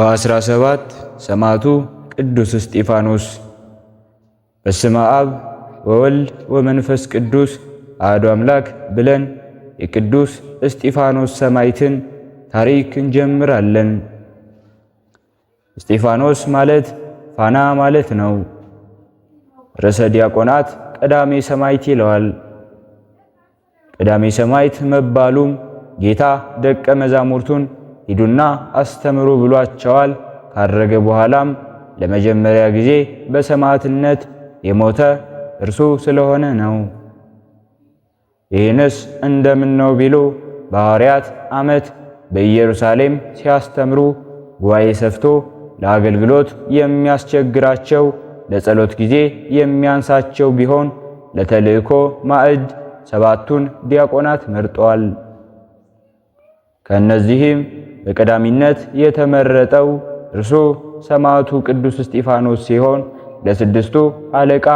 በአስራ ሰባት ሰማዕቱ ቅዱስ እስጢፋኖስ። በስመ አብ ወወልድ ወመንፈስ ቅዱስ አሐዱ አምላክ ብለን የቅዱስ እስጢፋኖስ ሰማዕትን ታሪክ እንጀምራለን። እስጢፋኖስ ማለት ፋና ማለት ነው። ርዕሰ ዲያቆናት ቀዳሜ ሰማዕት ይለዋል። ቀዳሜ ሰማዕት መባሉም ጌታ ደቀ መዛሙርቱን ሂዱና አስተምሩ ብሏቸዋል። ካረገ በኋላም ለመጀመሪያ ጊዜ በሰማዕትነት የሞተ እርሱ ስለሆነ ነው። ይህንስ እንደምን ነው ቢሉ በሐዋርያት ዓመት በኢየሩሳሌም ሲያስተምሩ ጉባኤ ሰፍቶ ለአገልግሎት የሚያስቸግራቸው ለጸሎት ጊዜ የሚያንሳቸው ቢሆን ለተልእኮ ማዕድ ሰባቱን ዲያቆናት መርጧል። ከእነዚህም በቀዳሚነት የተመረጠው እርሱ ሰማዕቱ ቅዱስ እስጢፋኖስ ሲሆን ለስድስቱ አለቃ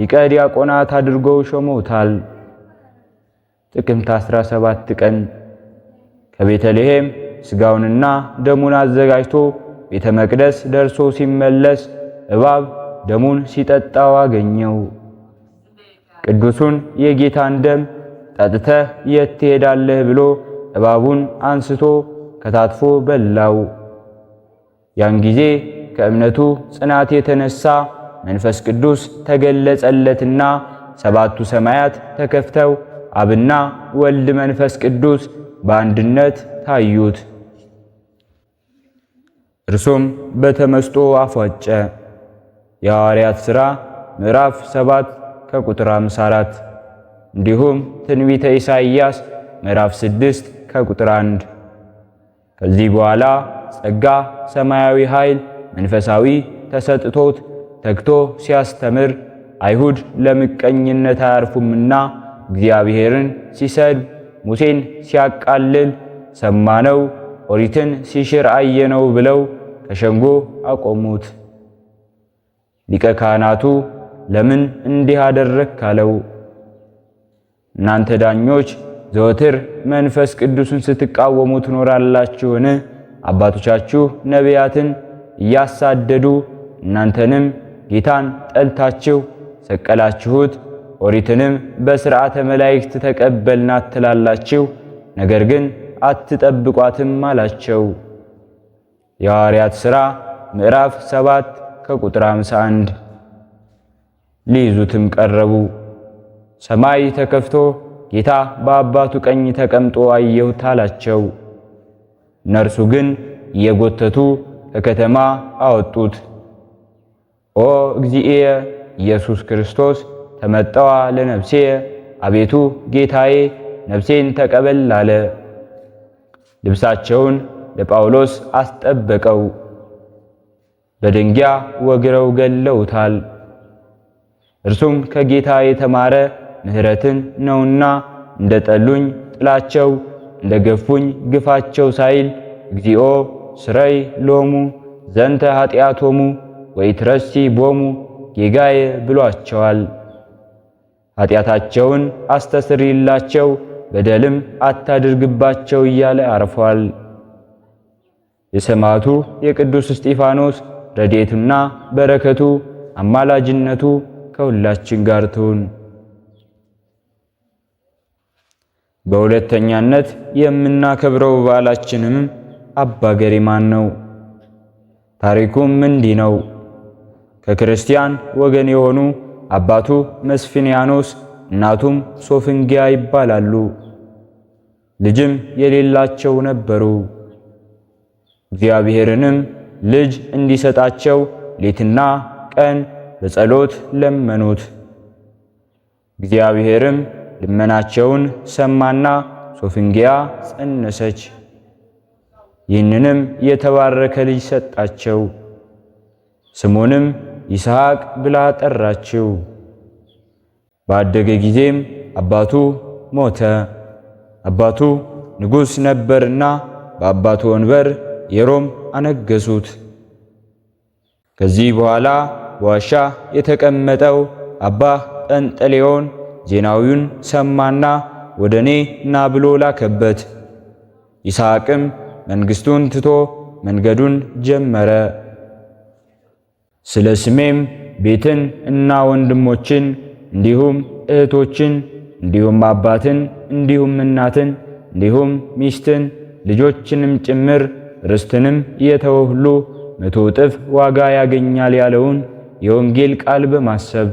ሊቀ ዲያቆናት አድርገው ሾመውታል። ጥቅምት 17 ቀን ከቤተልሔም ሥጋውንና ደሙን አዘጋጅቶ ቤተ መቅደስ ደርሶ ሲመለስ እባብ ደሙን ሲጠጣው አገኘው። ቅዱሱን የጌታን ደም ጠጥተህ የት ትሄዳለህ ብሎ እባቡን አንስቶ ከታትፎ በላው። ያን ጊዜ ከእምነቱ ጽናት የተነሳ መንፈስ ቅዱስ ተገለጸለትና ሰባቱ ሰማያት ተከፍተው አብና ወልድ መንፈስ ቅዱስ በአንድነት ታዩት። እርሱም በተመስጦ አፏጨ። የሐዋርያት ሥራ ምዕራፍ 7 ከቁጥር 54 እንዲሁም ትንቢተ ኢሳይያስ ምዕራፍ 6 ከቁጥር 1 ከዚህ በኋላ ጸጋ፣ ሰማያዊ ኃይል፣ መንፈሳዊ ተሰጥቶት ተግቶ ሲያስተምር አይሁድ ለምቀኝነት አያርፉምና እግዚአብሔርን ሲሰድብ ሙሴን ሲያቃልል ሰማነው፣ ኦሪትን ሲሽር አየነው ብለው ከሸንጎ አቆሙት። ሊቀ ካህናቱ ለምን እንዲህ አደረግ ካለው እናንተ ዳኞች ዘወትር መንፈስ ቅዱስን ስትቃወሙ ትኖራላችሁን? አባቶቻችሁ ነቢያትን እያሳደዱ እናንተንም ጌታን ጠልታችሁ ሰቀላችሁት፣ ኦሪትንም በሥርዓተ መላእክት ተቀበልናት ትላላችሁ፣ ነገር ግን አትጠብቋትም አላቸው። የሐዋርያት ሥራ ምዕራፍ 7 ከቁጥር 51 ሊይዙትም ቀረቡ። ሰማይ ተከፍቶ ጌታ በአባቱ ቀኝ ተቀምጦ አየሁት አላቸው። እነርሱ ግን እየጎተቱ ከከተማ አወጡት። ኦ እግዚእየ ኢየሱስ ክርስቶስ ተመጠዋ ለነፍሴ፣ አቤቱ ጌታዬ ነፍሴን ተቀበል አለ። ልብሳቸውን ለጳውሎስ አስጠበቀው። በድንጊያ ወግረው ገለውታል። እርሱም ከጌታ የተማረ ምሕረትን ነውና እንደ ጠሉኝ ጥላቸው፣ እንደ ገፉኝ ግፋቸው ሳይል እግዚኦ ስረይ ሎሙ ዘንተ ኃጢአቶሙ ወይትረሲ ቦሙ ጌጋዬ ብሏቸዋል። ኃጢአታቸውን አስተስሪላቸው በደልም አታድርግባቸው እያለ አርፏል። የሰማዕቱ የቅዱስ እስጢፋኖስ ረድኤቱና በረከቱ አማላጅነቱ ከሁላችን ጋር ትሁን። በሁለተኛነት የምናከብረው በዓላችንም አባ ገሪማን ነው። ታሪኩም እንዲህ ነው። ከክርስቲያን ወገን የሆኑ አባቱ መስፊንያኖስ እናቱም ሶፍንጊያ ይባላሉ። ልጅም የሌላቸው ነበሩ። እግዚአብሔርንም ልጅ እንዲሰጣቸው ሌትና ቀን በጸሎት ለመኑት። እግዚአብሔርም ልመናቸውን ሰማና ሶፍንጊያ ጸነሰች። ይህንንም የተባረከ ልጅ ሰጣቸው። ስሙንም ይስሐቅ ብላ ጠራችው። ባደገ ጊዜም አባቱ ሞተ። አባቱ ንጉሥ ነበርና በአባቱ ወንበር የሮም አነገሱት። ከዚህ በኋላ በዋሻ የተቀመጠው አባ ጰንጠሌዎን ዜናዊውን ሰማና ወደ እኔ ና ብሎ ላከበት። ይስሐቅም መንግሥቱን ትቶ መንገዱን ጀመረ። ስለ ስሜም ቤትን እና ወንድሞችን እንዲሁም እህቶችን እንዲሁም አባትን እንዲሁም እናትን እንዲሁም ሚስትን ልጆችንም ጭምር ርስትንም የተወ ሁሉ መቶ እጥፍ ዋጋ ያገኛል ያለውን የወንጌል ቃል በማሰብ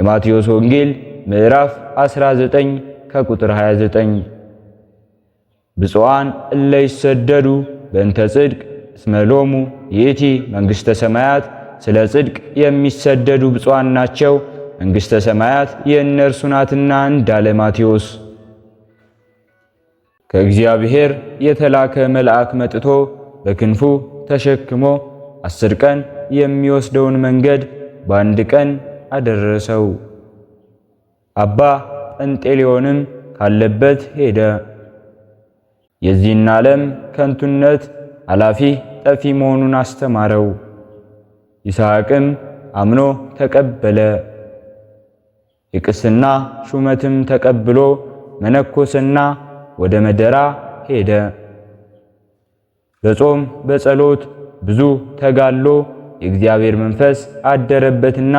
የማቴዎስ ወንጌል ምዕራፍ 19 ከቁጥር 29 ብፁዓን እለ ይሰደዱ በእንተ ጽድቅ እስመ ሎሙ ይእቲ መንግሥተ ሰማያት ስለ ጽድቅ የሚሰደዱ ብፁዓን ናቸው መንግሥተ ሰማያት የእነርሱ ናትና እንዳለ ማቴዎስ። ከእግዚአብሔር የተላከ መልአክ መጥቶ በክንፉ ተሸክሞ አስር ቀን የሚወስደውን መንገድ በአንድ ቀን አደረሰው። አባ ጴንጤሌዎንም ካለበት ሄደ። የዚህን ዓለም ከንቱነት አላፊ ጠፊ መሆኑን አስተማረው። ይስሐቅም አምኖ ተቀበለ። የቅስና ሹመትም ተቀብሎ መነኮስና ወደ መደራ ሄደ። በጾም በጸሎት ብዙ ተጋሎ የእግዚአብሔር መንፈስ አደረበትና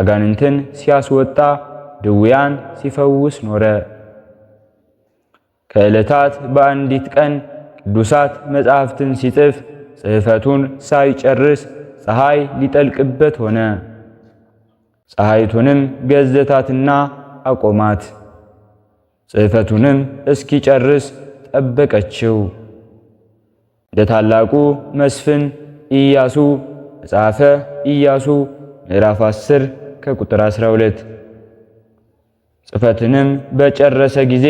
አጋንንትን ሲያስወጣ፣ ድውያን ሲፈውስ ኖረ። ከዕለታት በአንዲት ቀን ቅዱሳት መጻሕፍትን ሲጽፍ ጽሕፈቱን ሳይጨርስ ፀሐይ ሊጠልቅበት ሆነ። ፀሐይቱንም ገዘታትና አቆማት። ጽሕፈቱንም እስኪጨርስ ጠበቀችው። እንደ ታላቁ መስፍን ኢያሱ መጽሐፈ ኢያሱ ምዕራፍ 10 ከቁጥር 12 ጽፈትንም በጨረሰ ጊዜ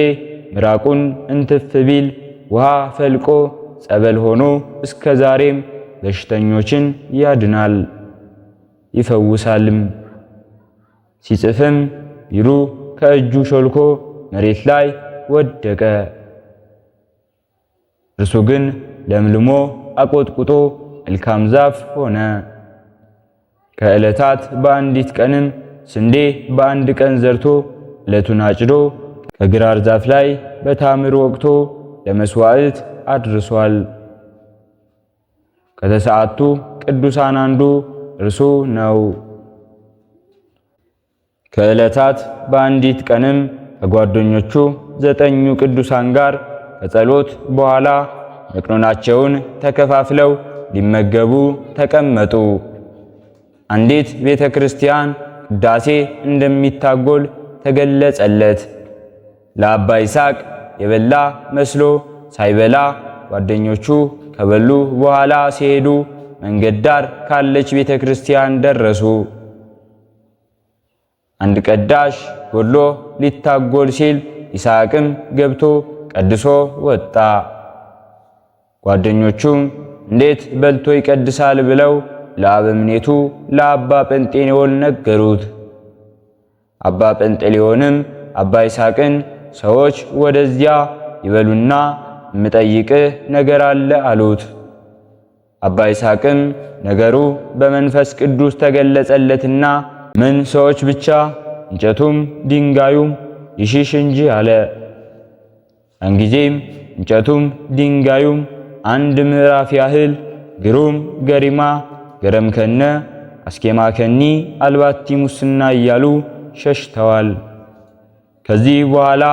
ምራቁን እንትፍ ቢል ውሃ ፈልቆ ጸበል ሆኖ እስከ ዛሬም በሽተኞችን ያድናል ይፈውሳልም። ሲጽፍም ቢሩ ከእጁ ሾልኮ መሬት ላይ ወደቀ። እርሱ ግን ለምልሞ አቆጥቁጦ መልካም ዛፍ ሆነ። ከዕለታት በአንዲት ቀንም ስንዴ በአንድ ቀን ዘርቶ ዕለቱን አጭዶ ከግራር ዛፍ ላይ በታምር ወቅቶ ለመስዋዕት አድርሷል። ከተሰዓቱ ቅዱሳን አንዱ እርሱ ነው። ከዕለታት በአንዲት ቀንም ከጓደኞቹ ዘጠኙ ቅዱሳን ጋር ከጸሎት በኋላ መቅኖናቸውን ተከፋፍለው ሊመገቡ ተቀመጡ። አንዲት ቤተ ክርስቲያን ቅዳሴ እንደሚታጎል ተገለጸለት። ለአባ ይስሐቅ የበላ መስሎ ሳይበላ ጓደኞቹ ከበሉ በኋላ ሲሄዱ መንገድ ዳር ካለች ቤተ ክርስቲያን ደረሱ። አንድ ቀዳሽ ጎሎ ሊታጎል ሲል ይስሐቅም ገብቶ ቀድሶ ወጣ። ጓደኞቹም እንዴት በልቶ ይቀድሳል ብለው ለአበምኔቱ ለአባ ጴንጤሊዮን ነገሩት። አባ ጴንጤሊዮንም አባ ይስሐቅን ሰዎች ወደዚያ ይበሉና የምጠይቅህ ነገር አለ አሉት። አባ ይስሐቅም ነገሩ በመንፈስ ቅዱስ ተገለጸለትና ምን ሰዎች ብቻ እንጨቱም ድንጋዩም ይሽሽ እንጂ አለ። እንጊዜም እንጨቱም ድንጋዩም አንድ ምዕራፍ ያህል ግሩም ገሪማ ገረምከነ አስኬማከኒ አልባቲ ሙስና እያሉ ሸሽተዋል። ከዚህ በኋላ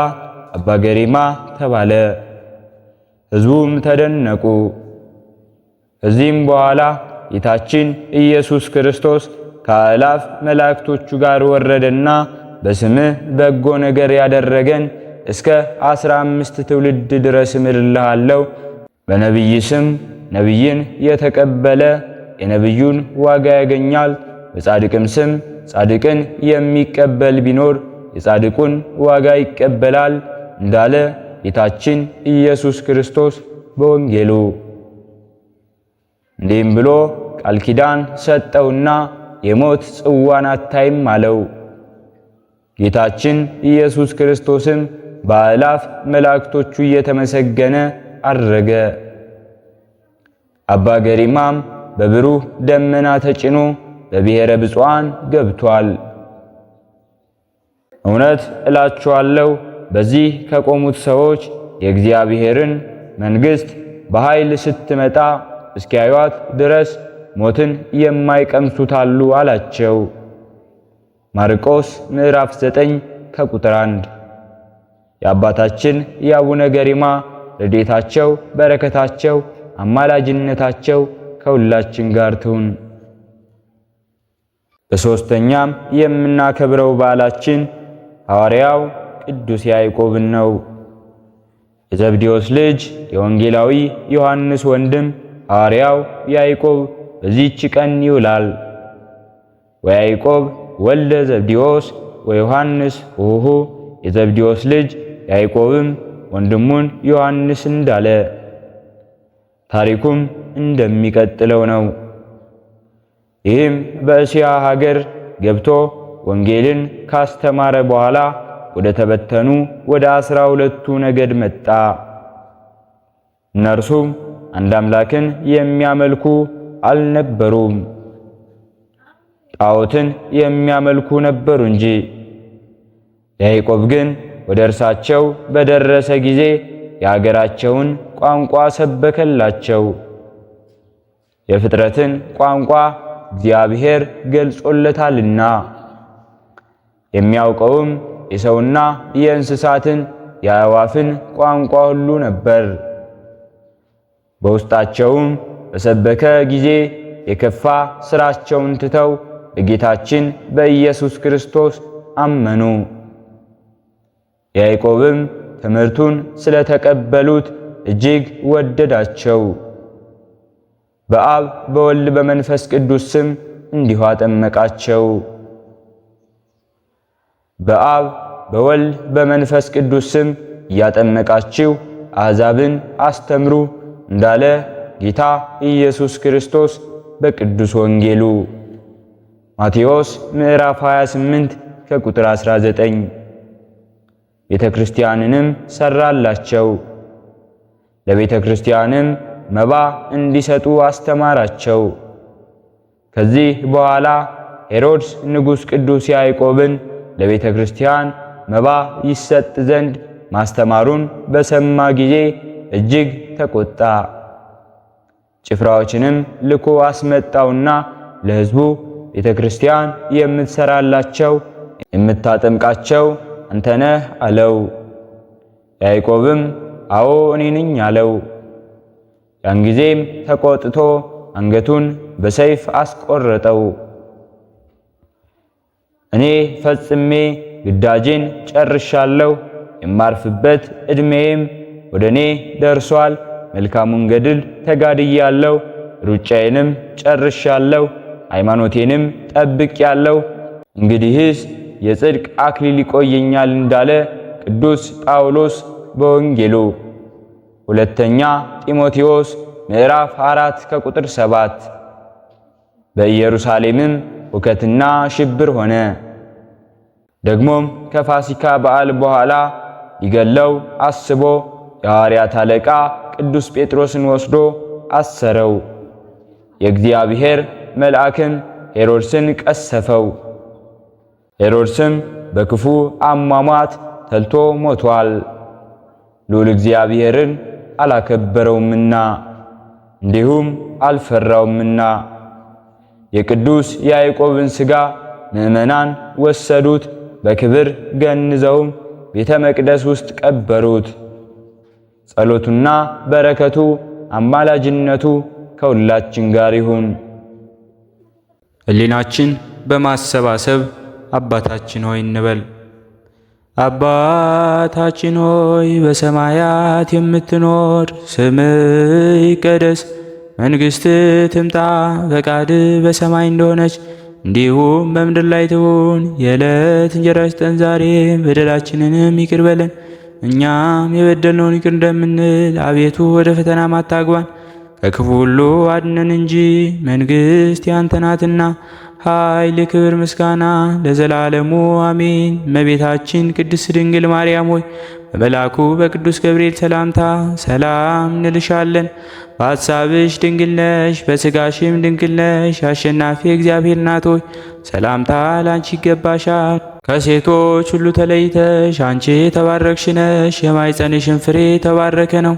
አባ ገሪማ ተባለ። ሕዝቡም ተደነቁ። ከዚህም በኋላ ጌታችን ኢየሱስ ክርስቶስ ከአእላፍ መላእክቶቹ ጋር ወረደና በስምህ በጎ ነገር ያደረገን እስከ አስራ አምስት ትውልድ ድረስ ምልልሃለሁ በነቢይ ስም ነቢይን የተቀበለ የነቢዩን ዋጋ ያገኛል። በጻድቅም ስም ጻድቅን የሚቀበል ቢኖር የጻድቁን ዋጋ ይቀበላል እንዳለ ጌታችን ኢየሱስ ክርስቶስ በወንጌሉ። እንዲህም ብሎ ቃል ኪዳን ሰጠውና የሞት ጽዋን አታይም አለው። ጌታችን ኢየሱስ ክርስቶስም በአእላፍ መላእክቶቹ እየተመሰገነ አረገ። አባ ገሪማም በብሩህ ደመና ተጭኖ በብሔረ ብፁዓን ገብቷል። እውነት እላችኋለሁ በዚህ ከቆሙት ሰዎች የእግዚአብሔርን መንግሥት በኃይል ስትመጣ እስኪያዩት ድረስ ሞትን የማይቀምሱት አሉ አላቸው። ማርቆስ ምዕራፍ 9 ከቁጥር 1። የአባታችን የአቡነ ገሪማ ረዴታቸው፣ በረከታቸው፣ አማላጅነታቸው ከሁላችን ጋር ትሁን። በሦስተኛም የምናከብረው በዓላችን ሐዋርያው ቅዱስ ያዕቆብን ነው። የዘብዴዎስ ልጅ የወንጌላዊ ዮሐንስ ወንድም ሐዋርያው ያዕቆብ በዚህች ቀን ይውላል። ወያዕቆብ ወልደ ዘብዴዎስ ወዮሐንስ ውሁሁ የዘብዴዎስ ልጅ ያዕቆብም ወንድሙን ዮሐንስ እንዳለ ታሪኩም እንደሚቀጥለው ነው። ይህም በእስያ ሀገር ገብቶ ወንጌልን ካስተማረ በኋላ ወደ ተበተኑ ወደ አስራ ሁለቱ ነገድ መጣ። እነርሱም አንድ አምላክን የሚያመልኩ አልነበሩም፣ ጣዖትን የሚያመልኩ ነበሩ እንጂ። ያዕቆብ ግን ወደ እርሳቸው በደረሰ ጊዜ የአገራቸውን ቋንቋ ሰበከላቸው። የፍጥረትን ቋንቋ እግዚአብሔር ገልጾለታልና የሚያውቀውም የሰውና የእንስሳትን የአእዋፍን ቋንቋ ሁሉ ነበር። በውስጣቸውም በሰበከ ጊዜ የከፋ ሥራቸውን ትተው በጌታችን በኢየሱስ ክርስቶስ አመኑ። ያዕቆብም ትምህርቱን ስለተቀበሉት እጅግ ወደዳቸው። በአብ በወልድ በመንፈስ ቅዱስ ስም እንዲሁ አጠመቃቸው። በአብ በወልድ በመንፈስ ቅዱስ ስም እያጠመቃችሁ አሕዛብን አስተምሩ እንዳለ ጌታ ኢየሱስ ክርስቶስ በቅዱስ ወንጌሉ ማቴዎስ ምዕራፍ 28 ከቁጥር 19። ቤተ ክርስቲያንንም ሰራላቸው ለቤተ ክርስቲያንም መባ እንዲሰጡ አስተማራቸው። ከዚህ በኋላ ሄሮድስ ንጉሥ ቅዱስ ያዕቆብን ለቤተ ክርስቲያን መባ ይሰጥ ዘንድ ማስተማሩን በሰማ ጊዜ እጅግ ተቆጣ። ጭፍራዎችንም ልኮ አስመጣውና ለሕዝቡ ቤተ ክርስቲያን የምትሰራላቸው የምታጠምቃቸው አንተነህ አለው። ያዕቆብም አዎ እኔ ነኝ አለው። ያን ጊዜም ተቆጥቶ አንገቱን በሰይፍ አስቆረጠው። እኔ ፈጽሜ ግዳጄን ጨርሻለሁ፣ የማርፍበት ዕድሜዬም ወደ እኔ ደርሷል። መልካሙን ገድል ተጋድያለሁ፣ ሩጫዬንም ጨርሻለሁ፣ ሃይማኖቴንም ጠብቄያለሁ። እንግዲህስ የጽድቅ አክሊል ይቆየኛል እንዳለ ቅዱስ ጳውሎስ በወንጌሉ ሁለተኛ ጢሞቴዎስ ምዕራፍ 4 ከቁጥር ሰባት! በኢየሩሳሌምም ሁከትና ሽብር ሆነ። ደግሞም ከፋሲካ በዓል በኋላ ሊገለው አስቦ የሐዋርያት አለቃ ቅዱስ ጴጥሮስን ወስዶ አሰረው። የእግዚአብሔር መልአክም ሄሮድስን ቀሰፈው። ሄሮድስም በክፉ አሟሟት ተልቶ ሞቷል። ልዑል እግዚአብሔርን አላከበረውምና እንዲሁም አልፈራውምና የቅዱስ ያዕቆብን ሥጋ ምዕመናን ወሰዱት፣ በክብር ገንዘውም ቤተ መቅደስ ውስጥ ቀበሩት። ጸሎቱና በረከቱ አማላጅነቱ ከሁላችን ጋር ይሁን። ሕሊናችን በማሰባሰብ አባታችን ሆይ እንበል። አባታችን ሆይ በሰማያት የምትኖር፣ ስምህ ይቀደስ፣ መንግሥት ትምጣ፣ ፈቃድ በሰማይ እንደሆነች እንዲሁም በምድር ላይ ትሁን። የዕለት እንጀራችንን ስጠን ዛሬ፣ በደላችንንም ይቅር በለን እኛም የበደልነውን ይቅር እንደምንል፣ አቤቱ ወደ ፈተና ማታግባን። ከክፉ ሁሉ አድነን እንጂ መንግስት ያንተ ናትና ኃይል፣ ክብር፣ ምስጋና ለዘላለሙ አሜን። እመቤታችን ቅድስት ድንግል ማርያም ሆይ በመልአኩ በቅዱስ ገብርኤል ሰላምታ ሰላም እንልሻለን። በሐሳብሽ ድንግል ነሽ፣ በሥጋሽም ድንግል ነሽ። አሸናፊ እግዚአብሔር እናት ሆይ ሰላምታ ላንቺ ይገባሻል። ከሴቶች ሁሉ ተለይተሽ አንቺ የተባረክሽ ነሽ፣ የማኅፀንሽን ፍሬ የተባረከ ነው።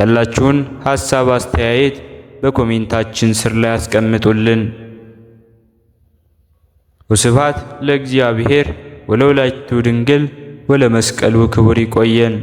ያላችሁን ሐሳብ አስተያየት በኮሜንታችን ስር ላይ አስቀምጡልን። ወስብሐት ለእግዚአብሔር ወለወላዲቱ ድንግል ወለመስቀሉ ክቡር። ይቆየን።